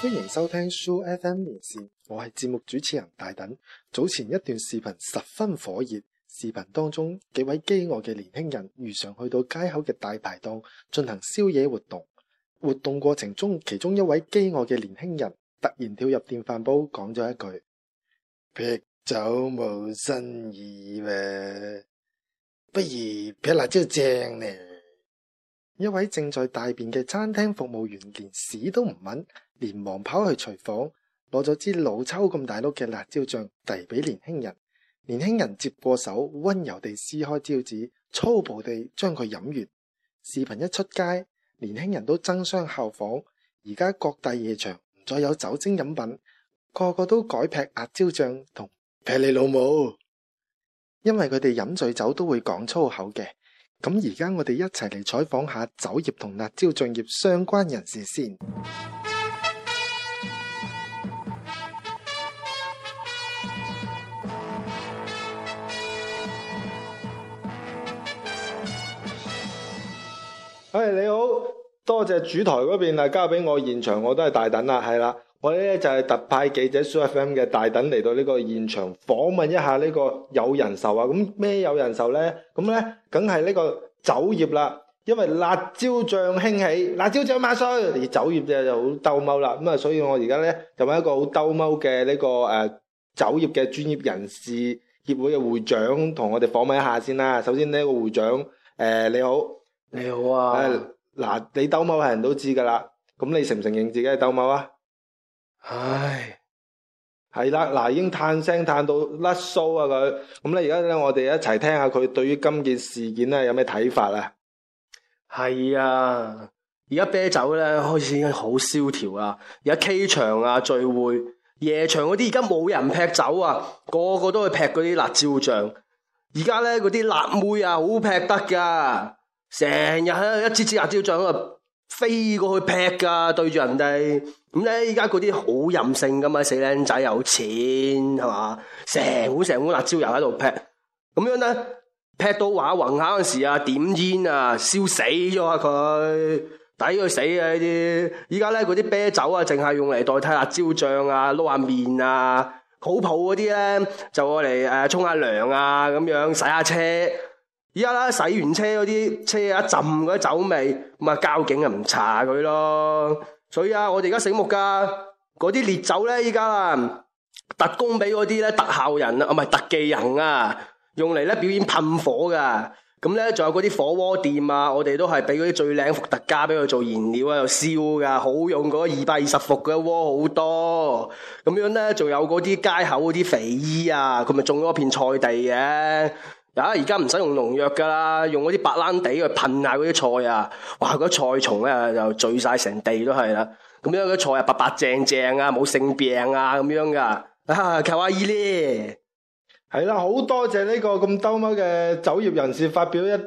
歡迎收聽 Soo FM 連線，我係節目主持人大等。早前一段視頻十分火熱，視頻當中幾位飢餓嘅年輕人，如常去到街口嘅大排檔進行宵夜活動。活動過程中，其中一位飢餓嘅年輕人突然跳入電飯煲，講咗一句：劈酒冇新意喂，不如劈辣椒醬嚟。一位正在大便嘅餐廳服務員連屎都唔穩，連忙跑去廚房攞咗支老抽咁大碌嘅辣椒醬遞俾年輕人。年輕人接過手，温柔地撕開招紙，粗暴地將佢飲完。視頻一出街，年輕人都爭相效仿。而家各大夜場唔再有酒精飲品，個個都改劈辣椒醬同劈你老母，因為佢哋飲醉酒都會講粗口嘅。咁而家我哋一齊嚟採訪下酒業同辣椒醬業相關人士先。哎，hey, 你好，多謝主台嗰邊啊，交俾我現場，我都係大等啦，係啦。我咧就係特派記者 SooFM 嘅大等嚟到呢個現場，訪問一下呢個有人壽啊，咁咩有人壽咧？咁咧，梗係呢個酒業啦，因為辣椒醬興起，辣椒醬萬歲，而酒業就又好兜踎啦。咁啊，所以我而家咧就揾一個好兜踎嘅呢個誒、呃、酒業嘅專業人士協會嘅會長同我哋訪問一下先啦。首先呢個會長誒、呃、你好，你好啊。誒嗱、哎，你兜踎係人都知噶啦，咁你承唔承認自己係兜踎啊？唉，係啦，嗱，已經嘆聲嘆到甩鬚啊佢，咁咧而家咧，我哋一齊聽一下佢對於今件事件咧有咩睇法呢啊？係啊，而家啤酒咧開始已經好蕭條啊，而家 K 場啊聚會夜場嗰啲而家冇人劈酒啊，個個都去劈嗰啲辣椒醬，而家咧嗰啲辣妹啊好劈得噶，成日喺度一支支辣椒醬喺度。飛過去劈噶，對住人哋咁咧。而家嗰啲好任性噶嘛，死靚仔有錢係嘛，成碗成碗辣椒油喺度劈。咁樣咧劈到話橫下嗰時啊，點煙啊，燒死咗啊佢，抵佢死啊！死呢啲而家咧嗰啲啤酒啊，淨係用嚟代替辣椒醬啊，撈下麵啊，好普嗰啲咧就用嚟誒沖下涼啊，咁樣洗下車。依家啦，洗完車嗰啲車一浸嗰啲酒味，咁、嗯、啊交警啊唔查佢咯。所以啊，我哋而家醒目噶，嗰啲烈酒咧依家啊，特供俾嗰啲咧特效人啊，唔係特技人啊，用嚟咧表演噴火噶。咁咧仲有嗰啲火鍋店啊，我哋都係俾嗰啲最靚伏特加俾佢做燃料啊，又燒噶，好用嗰二百二十伏嘅鍋好多。咁、嗯嗯、樣咧仲有嗰啲街口嗰啲肥姨啊，佢咪種咗一片菜地嘅、啊。而家唔使用農藥噶啦，用嗰啲白蘭地去噴下嗰啲菜啊，哇！嗰菜蟲咧就醉晒成地都係啦，咁樣嘅菜啊，白白淨淨啊，冇性病啊咁樣噶，啊卡哇伊咧，係啦，好、啊、多謝呢個咁兜貓嘅酒業人士發表一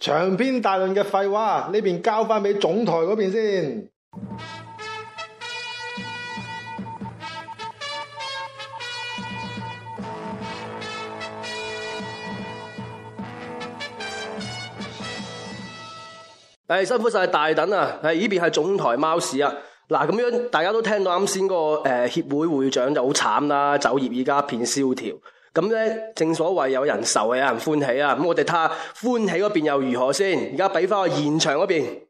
長篇大論嘅廢話，呢邊交翻俾總台嗰邊先。誒、哎，辛苦晒大家啊！誒，依邊係總台貓市啊！嗱，咁樣大家都聽到啱先嗰個誒、呃、協會會長就好慘啦，酒業而家一片蕭條。咁咧，正所謂有人愁，有人歡喜啊！咁、嗯、我哋睇下歡喜嗰邊又如何先？而家畀返去現場嗰邊。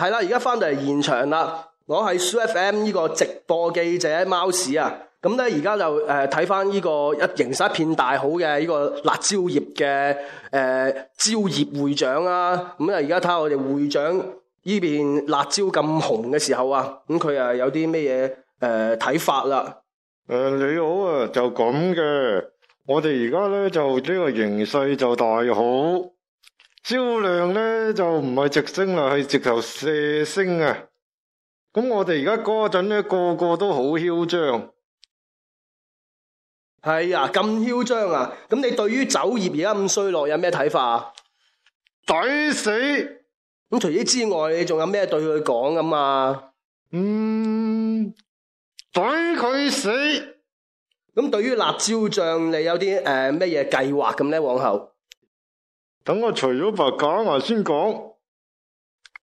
係啦，而家翻到嚟現場啦，我係 SooFM 呢個直播記者貓屎啊，咁咧而家就誒睇翻呢個一形勢一片大好嘅呢個辣椒業嘅誒椒業會長啊。咁啊而家睇下我哋會長呢邊辣椒咁紅嘅時候啊，咁佢啊、嗯、有啲咩嘢誒睇法啦？誒、呃、你好啊，就咁嘅，我哋而家咧就呢個形勢就大好。銷量咧就唔係直升啦，係直頭射升啊！咁我哋而家嗰陣咧個個都好囂張，係啊咁囂張啊！咁、啊、你對於酒業而家咁衰落有咩睇法啊？抵死！咁除此之外，你仲有咩對佢講噶嘛？嗯，抵佢死！咁對於辣椒醬，你有啲誒咩嘢計劃咁咧？往、呃、後？等我除咗白假牙先講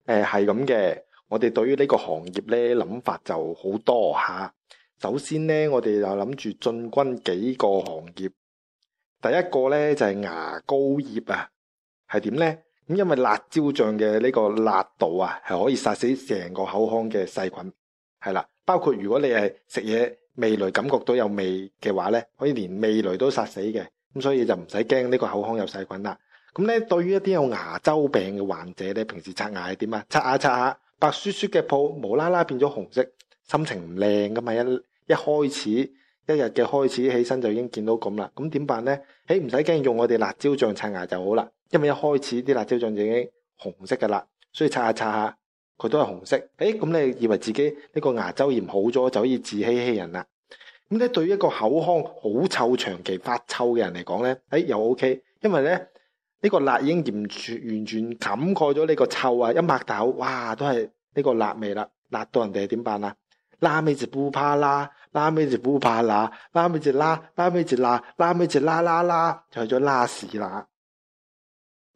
誒，係咁嘅。我哋對於呢個行業咧諗法就好多吓。首先咧，我哋就諗住進軍幾個行業。第一個咧就係、是、牙膏業啊，係點咧？咁因為辣椒醬嘅呢個辣度啊，係可以殺死成個口腔嘅細菌係啦。包括如果你係食嘢味蕾感覺到有味嘅話咧，可以連味蕾都殺死嘅咁，所以就唔使驚呢個口腔有細菌啦。咁咧、嗯，對於一啲有牙周病嘅患者咧，平時刷牙係點啊？刷下刷下，白雪雪嘅泡無啦啦變咗紅色，心情唔靚噶嘛！一一開始，一日嘅開始起身就已經見到咁啦。咁、嗯、點辦咧？誒唔使驚，用我哋辣椒醬刷牙就好啦。因為一開始啲辣椒醬就已經紅色噶啦，所以刷下刷下，佢都係紅色。誒、欸、咁你以為自己呢個牙周炎好咗就可以自欺欺人啦？咁、嗯、咧對於一個口腔好臭、長期發臭嘅人嚟講咧，誒、欸、又 OK，因為咧。呢個辣已經完全完全掩蓋咗呢個臭啊！一擘大口，哇，都係呢個辣味啦，辣到人哋點辦啊？拉尾就卟趴啦，拉尾就卟趴啦，拉尾就拉，拉尾就拉，拉尾就拉拉拉，就去咗拉屎啦。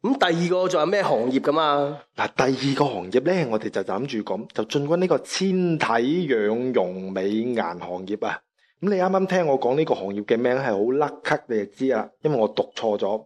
咁第二個仲有咩行業噶嘛？嗱，第二個行業咧，我哋就諗住咁，就進軍呢個纖體養容美顏行業啊。咁、嗯、你啱啱聽我講呢個行業嘅名係好甩咳，你就知啦，因為我讀錯咗。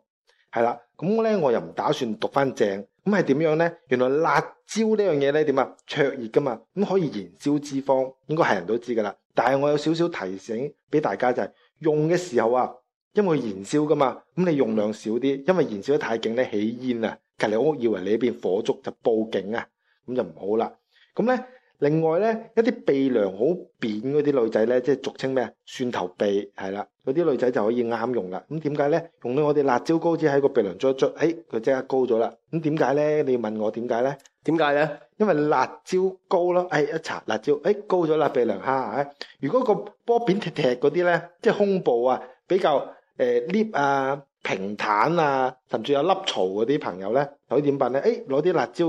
係啦，咁咧我又唔打算讀翻正，咁係點樣咧？原來辣椒呢樣嘢咧點啊？灼熱噶嘛，咁可以燃燒脂肪，應該係人都知噶啦。但係我有少少提醒俾大家就係用嘅時候啊，因為燃燒噶嘛，咁你用量少啲，因為燃燒得太勁咧起煙啊，隔籬屋以為你邊火燭就報警啊，咁就唔好啦。咁咧。另外咧，一啲鼻梁好扁嗰啲女仔咧，即係俗稱咩蒜頭鼻，係啦，嗰啲女仔就可以啱用啦。咁點解咧？用到我哋辣椒膏只喺個鼻梁捽一捽，誒、哎，佢即刻高咗啦。咁點解咧？你要問我點解咧？點解咧？為呢因為辣椒膏咯，誒、哎、一擦辣椒，誒、哎、高咗啦鼻梁下、哎。如果個波扁踢踢嗰啲咧，即係胸部啊比較誒 lift、呃、啊平坦啊，甚至有凹槽嗰啲朋友咧，可以點辦咧？誒攞啲辣椒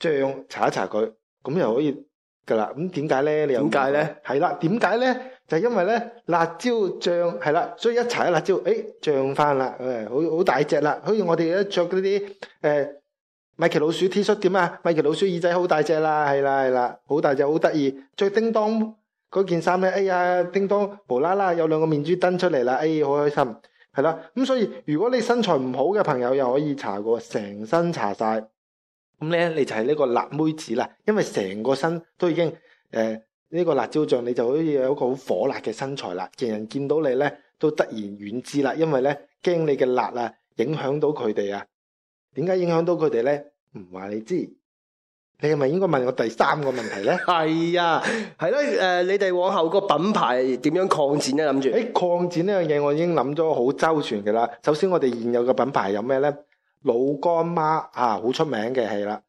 醬擦一擦佢。咁又可以噶棒啦，咁點解咧？你又點解咧？係啦，點解咧？就係、是、因為咧辣椒醬，係啦，所以一搽啲辣椒，誒漲翻啦，誒好、嗯、好大隻啦，好似我哋咧著嗰啲誒米奇老鼠 T 恤點啊、嗯？米奇老鼠耳仔好大隻啦，係啦係啦，好大隻好得意。再叮當嗰件衫咧，哎呀叮當無啦啦有兩個面珠登出嚟啦，哎好開心，係啦。咁所以如果你身材唔好嘅朋友又可以搽過成身搽晒。咁咧，你就係呢個辣妹子啦，因為成個身都已經誒呢、呃這個辣椒醬，你就好似有一個好火辣嘅身材啦，人人見到你咧都得然遠之啦，因為咧驚你嘅辣啊影響到佢哋啊。點解影響到佢哋咧？唔話你知，你係咪應該問我第三個問題咧？係啊，係咯，誒、呃、你哋往後個品牌點樣擴展咧？諗住？誒擴展呢樣嘢，我已經諗咗好周全嘅啦。首先，我哋現有嘅品牌有咩咧？老乾媽啊，好出名嘅係啦。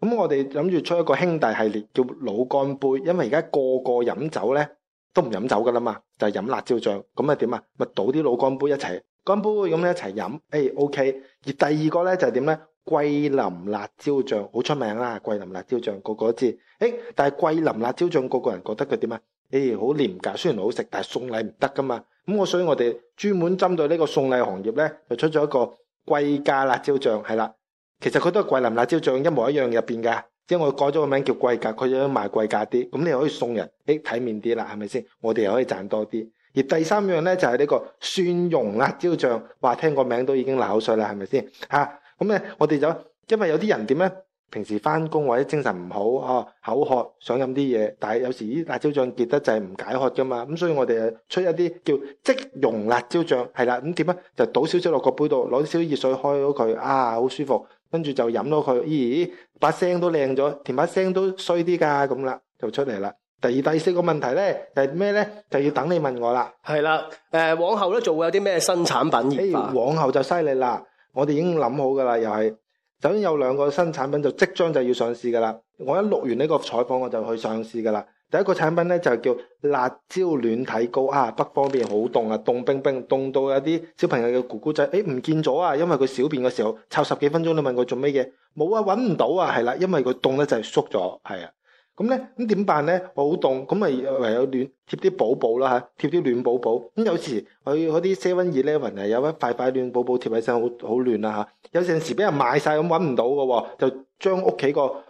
咁我哋諗住出一個兄弟系列，叫老乾杯，因為而家個個飲酒咧都唔飲酒噶啦嘛，就係飲辣椒醬。咁啊？點啊？咪倒啲老乾杯一齊，乾杯咁咧一齊飲。誒、哎，OK。而第二個咧就係點咧？桂林辣椒醬好出名啦，桂林辣椒醬個個都知。誒、哎，但係桂林辣椒醬個個人覺得佢點啊？誒、哎，好廉價，雖然好食，但係送禮唔得噶嘛。咁我所以我哋專門針對呢個送禮行業咧，就出咗一個。貴價辣椒醬係啦，其實佢都係桂林辣椒醬一模一樣入邊嘅，即係我改咗個名叫貴價，佢想賣貴價啲，咁你又可以送人，你體面啲啦，係咪先？我哋又可以賺多啲。而第三樣咧就係、是、呢個蒜蓉辣椒醬，話聽個名都已經流口水啦，係咪先？吓、啊，咁咧我哋就因為有啲人點咧。平時翻工或者精神唔好，哦，口渴想飲啲嘢，但係有時啲辣椒醬結得滯，係唔解渴噶嘛。咁所以我哋出一啲叫即溶辣椒醬，係啦。咁點啊？就倒少少落個杯度，攞啲少少熱水開咗佢，啊，好舒服。跟住就飲咗佢，咦，把聲，聲都靚咗，甜把聲都衰啲噶咁啦，就出嚟啦。第二、第四個問題咧，係咩咧？就要等你問我啦。係啦，誒、呃，往後咧做會有啲咩新產品？誒、哎，往後就犀利啦，我哋已經諗好噶啦，又係。首先有兩個新產品就即將就要上市㗎喇。我一錄完呢個採訪，我就去上市㗎喇。第一個產品咧就叫辣椒暖體膏啊，北方邊好凍啊，凍冰冰，凍到有啲小朋友嘅咕咕仔，誒唔見咗啊，因為佢小便嘅時候湊十幾分鐘，你問佢做咩嘢，冇啊，揾唔到啊，係啦，因為佢凍咧就縮咗，係啊。咁咧，咁點辦咧？好凍，咁咪唯有暖貼啲寶寶啦吓，貼啲暖寶寶。咁有時佢嗰啲 Seven Eleven 係有一塊塊暖寶寶貼喺身，好好暖啦吓、啊，有陣時俾人賣晒咁揾唔到嘅，就將屋企個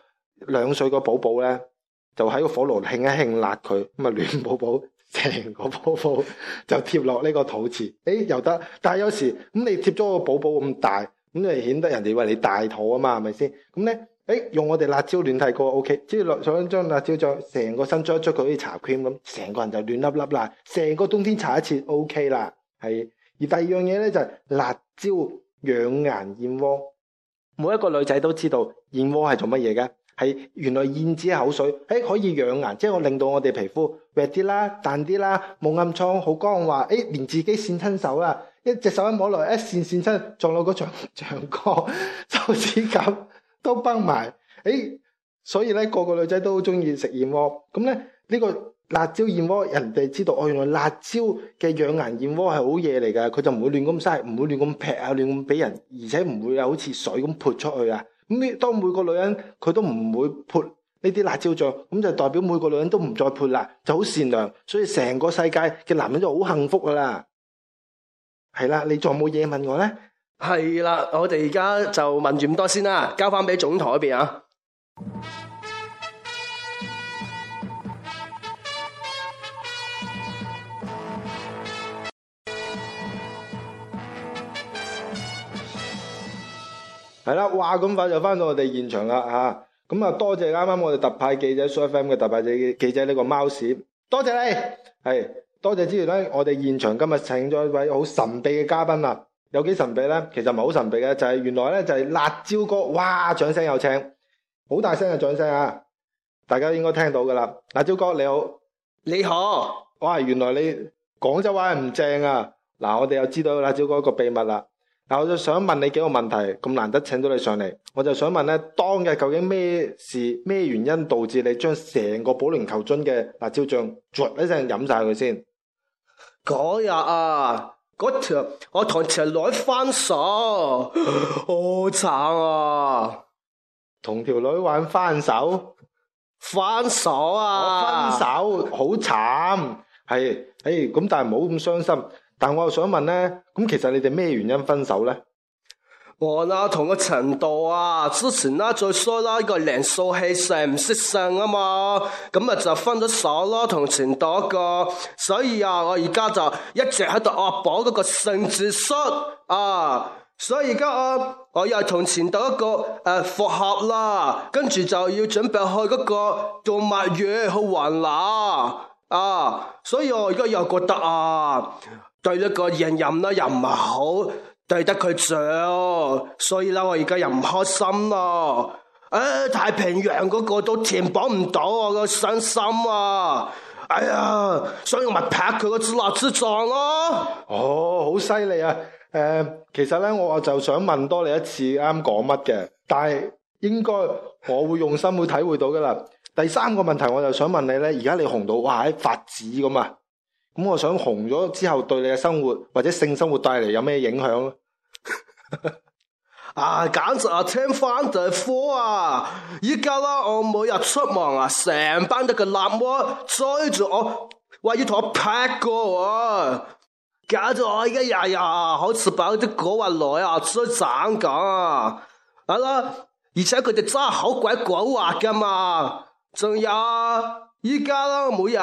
兩歲個寶寶咧，就喺個火爐興一興焫佢，咁咪暖寶寶，成個寶寶就貼落呢個肚臍，誒、欸、又得。但係有時咁你貼咗個寶寶咁大，咁你顯得人哋話你大肚啊嘛，係咪先？咁咧。誒、欸，用我哋辣椒暖體過，O K，之後落上一辣椒醬，再成個身搓一搓，再捽佢啲茶 cream，咁，成個人就暖粒粒啦。成個冬天搽一次，O K 啦。係、okay，而第二樣嘢咧就係、是、辣椒養顏燕窩。每一個女仔都知道燕窩係做乜嘢噶？係原來燕子口水，誒、欸、可以養顏，即係我令到我哋皮膚滑啲啦、淡啲啦、冇暗瘡、好光滑。誒、欸，連自己扇親手啦、啊，一隻手一摸落嚟，一扇扇親撞到像個長長個，個手指甲。都崩埋，誒，所以咧個個女仔都中意食燕窩，咁咧呢個辣椒燕窩，人哋知道哦，原來辣椒嘅養顏燕窩係好嘢嚟噶，佢就唔會亂咁嘥，唔會亂咁劈啊，亂咁俾人，而且唔會又好似水咁潑出去啊。咁當每個女人佢都唔會潑呢啲辣椒醬，咁就代表每個女人都唔再潑啦，就好善良，所以成個世界嘅男人就好幸福噶啦。係啦，你仲有冇嘢問我咧？係啦， 我哋而家就問住咁多先啦，交翻俾總台嗰邊啊。係、啊、啦，哇咁快就翻到我哋現場啦吓，咁啊多謝啱啱我哋特派記者 SooFM 嘅特派記者特派記者呢、這個貓屎，多謝你，係多謝之餘咧，我哋現場今日請咗一位好神秘嘅嘉賓啊。有幾神秘咧？其實唔係好神秘嘅，就係、是、原來咧就係、是、辣椒哥，哇掌聲有請，好大聲嘅掌聲啊！大家應該聽到噶啦。辣椒哥你好，你好，你好哇！原來你廣州話係唔正啊！嗱，我哋又知道辣椒哥一個秘密啦。嗱，我就想問你幾個問題，咁難得請到你上嚟，我就想問咧，當日究竟咩事、咩原因導致你將成個保齡球樽嘅辣椒醬一一聲飲晒佢先？嗰日啊！條我同條女分手，好慘啊！同條女玩分手，啊、分手分手啊！分手好慘，係誒咁，但係冇咁傷心。但我又想問咧，咁其實你哋咩原因分手咧？我啦同個程度啊，之前啦再衰啦呢個梁素希成唔識性啊嘛，咁啊就分咗手啦同前度一個，所以啊我而家就一直喺度惡補嗰個聖字書啊，所以而家啊，我又同前度一個誒復、呃、合啦，跟住就要準備去嗰個動物園去雲南啊，所以我而家又覺得啊對個人人呢個現任啦又唔係好。對得佢上、哦，所以啦，我而家又唔開心咯。誒，太平洋嗰個都填補唔到，我個傷心啊！哎呀，所以咪拍佢個自立之壯咯。哦，好犀利啊！誒、呃，其實咧，我就想問多你一次，啱講乜嘅？但係應該我會用心會體會到噶啦。第三個問題，我就想問你咧，而家你紅到哇，喺發紫咁啊！咁我想紅咗之後，對你嘅生活或者性生活帶嚟有咩影響？ 啊，簡直啊聽翻就火啊！依家啦，我每日出門啊，成班啲個辣妹追住我，話要同我拍個喎、啊。搞到我依家日日好似飽啲講話來啊，追斬咁啊啦！而且佢哋真係好鬼鬼話噶嘛。仲有依家啦，每日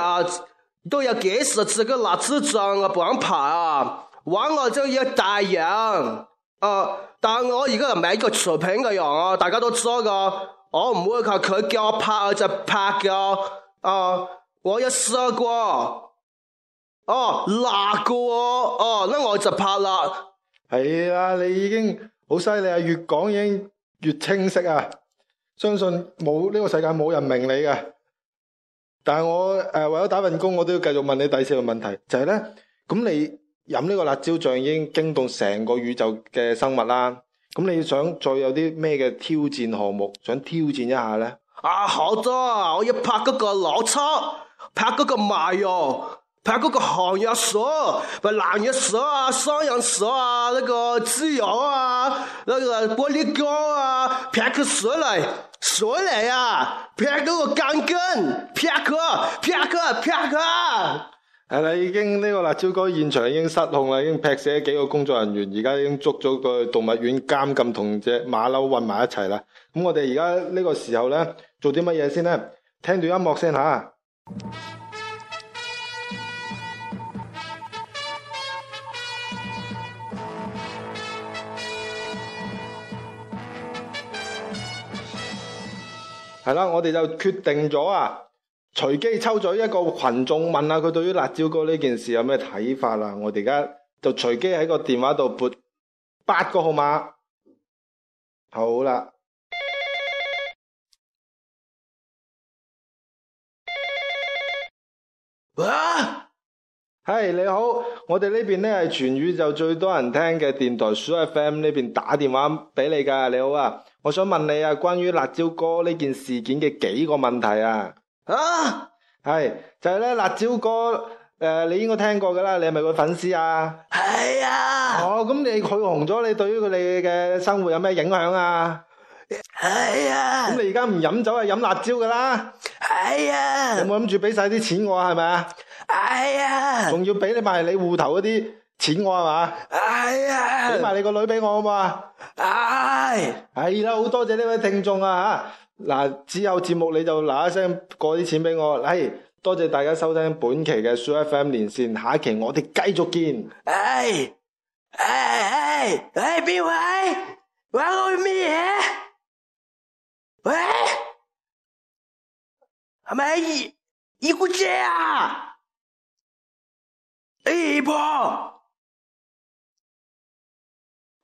都有幾十隻嘅辣椒醬嘅品牌啊，玩我真要大贏。啊！Uh, 但係我而家唔係一個隨便嘅人啊，大家都知道噶。我唔會靠佢叫我拍，就拍、uh, 我, uh, uh, 我就拍噶。啊，我一殺過，哦，辣個，哦，拉我就拍啦。係啊，你已經好犀利啊！越講已經越清晰啊！相信冇呢、這個世界冇人明你嘅。但係我誒、呃，為咗打份工，我都要繼續問你第四個問題，就係、是、咧，咁你？飲呢個辣椒醬已經驚動成個宇宙嘅生物啦！咁你想再有啲咩嘅挑戰項目，想挑戰一下咧？啊，好多！我要拍嗰個老抽，拍嗰個麻油，拍嗰個紅藥水、藍藥水啊、雙氧水啊、呢、呢個豉油啊、那個玻璃膠，啊，拍個水泥水泥啊！拍嗰個鋼筋，拍佢拍佢拍佢！誒，你已經呢個辣椒哥現場已經失控啦，已經劈死幾個工作人員，而家已經捉咗個動物園監禁，同隻馬騮混埋一齊啦。咁我哋而家呢個時候咧，做啲乜嘢先咧？聽段音樂先吓。係啦，我哋就決定咗啊。隨機抽咗一個群眾問下、啊、佢對於辣椒哥呢件事有咩睇法啦、啊。我哋而家就隨機喺個電話度撥八個號碼，好啦。喂、啊，係、hey, 你好，我哋呢邊呢係全宇宙最多人聽嘅電台 SooFM 呢邊打電話俾你噶。你好啊，我想問你啊，關於辣椒哥呢件事件嘅幾個問題啊。啊，係就係、是、咧辣椒哥誒、呃，你應該聽過噶啦，你係咪佢粉絲啊？係啊。哦，咁你佢紅咗，你對於佢哋嘅生活有咩影響啊？係啊。咁你而家唔飲酒、就是、啊，飲辣椒噶啦。係啊。有冇諗住俾晒啲錢我啊？係咪啊？係啊。仲要俾你埋你戶頭嗰啲。錢我係嘛，哎呀，俾埋你個女畀我啊嘛，哎，係啦，好、啊哎哎、多謝呢位聽眾啊吓，嗱只有節目你就嗱一聲過啲錢畀我，係、哎、多謝大家收聽本期嘅 SooFM 連線，下一期我哋繼續見，哎，哎哎哎邊位，喂、哎，我咩嘢？喂、哎，阿妹，依個咋？誒、哎，婆。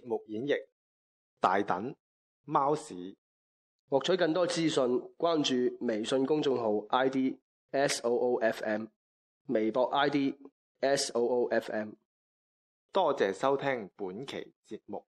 節目演繹大等貓屎，獲取更多資訊，關注微信公眾號 ID SOOFM，微博 ID SOOFM。多謝收聽本期節目。